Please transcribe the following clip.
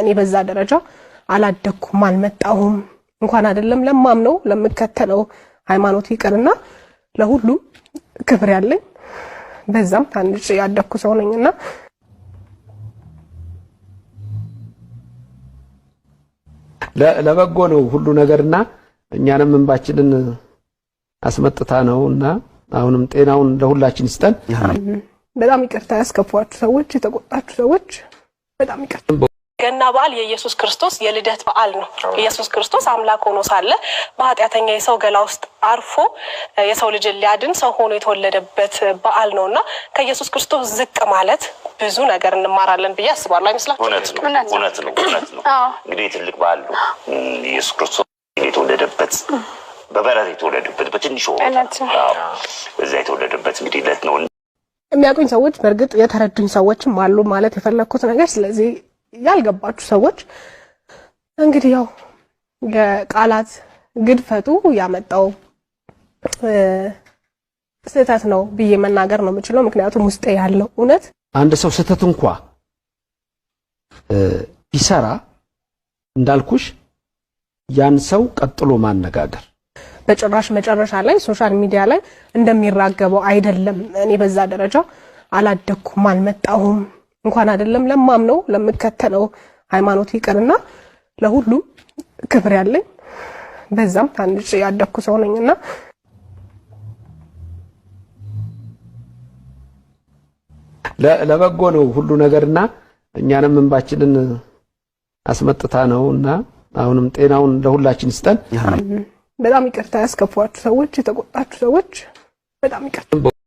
እኔ በዛ ደረጃ አላደግኩም፣ አልመጣሁም። እንኳን አይደለም ለማምነው ለምከተለው ሃይማኖት ይቅርና ለሁሉም ክብር ያለኝ በዛም ታንጭ ያደግኩ ሰው ነኝና ለበጎ ነው ሁሉ ነገርና እኛንም እንባችንን አስመጥታ ነው እና አሁንም ጤናውን ለሁላችን ይስጠን። በጣም ይቅርታ ያስከፏችሁ ሰዎች፣ የተቆጣችሁ ሰዎች በጣም ይቅርታ። ገና በዓል የኢየሱስ ክርስቶስ የልደት በዓል ነው። ኢየሱስ ክርስቶስ አምላክ ሆኖ ሳለ በኃጢአተኛ የሰው ገላ ውስጥ አርፎ የሰው ልጅን ሊያድን ሰው ሆኖ የተወለደበት በዓል ነው እና ከኢየሱስ ክርስቶስ ዝቅ ማለት ብዙ ነገር እንማራለን ብዬ አስባለሁ። አይመስላችሁም? እውነት ነው፣ እውነት ነው፣ እውነት ነው። እንግዲህ ትልቅ በዓል ነው ኢየሱስ ክርስቶስ የተወለደበት በበረት የተወለደበት በትንሽ እዛ የተወለደበት እንግዲህ ዕለት ነው። የሚያውቁኝ ሰዎች በእርግጥ የተረዱኝ ሰዎችም አሉ ማለት የፈለግኩት ነገር ስለዚህ ያልገባችሁ ሰዎች እንግዲህ ያው የቃላት ግድፈቱ ያመጣው ስህተት ነው ብዬ መናገር ነው የምችለው። ምክንያቱም ውስጤ ያለው እውነት አንድ ሰው ስህተት እንኳ ቢሰራ እንዳልኩሽ ያን ሰው ቀጥሎ ማነጋገር በጭራሽ መጨረሻ ላይ ሶሻል ሚዲያ ላይ እንደሚራገበው አይደለም። እኔ በዛ ደረጃ አላደኩም፣ አልመጣሁም እንኳን አይደለም ለማም ነው ለምከተለው ሃይማኖት ይቅርና ለሁሉም ክብር ያለኝ በዛም ታንጭ ያደኩ ሰው ነኝና ለበጎ ነው ሁሉ ነገርና እኛንም እንባችንን አስመጥታ ነው እና አሁንም ጤናውን ለሁላችን ስጠን። በጣም ይቅርታ ያስከፏችሁ ሰዎች፣ የተቆጣችሁ ሰዎች በጣም ይቅርታ።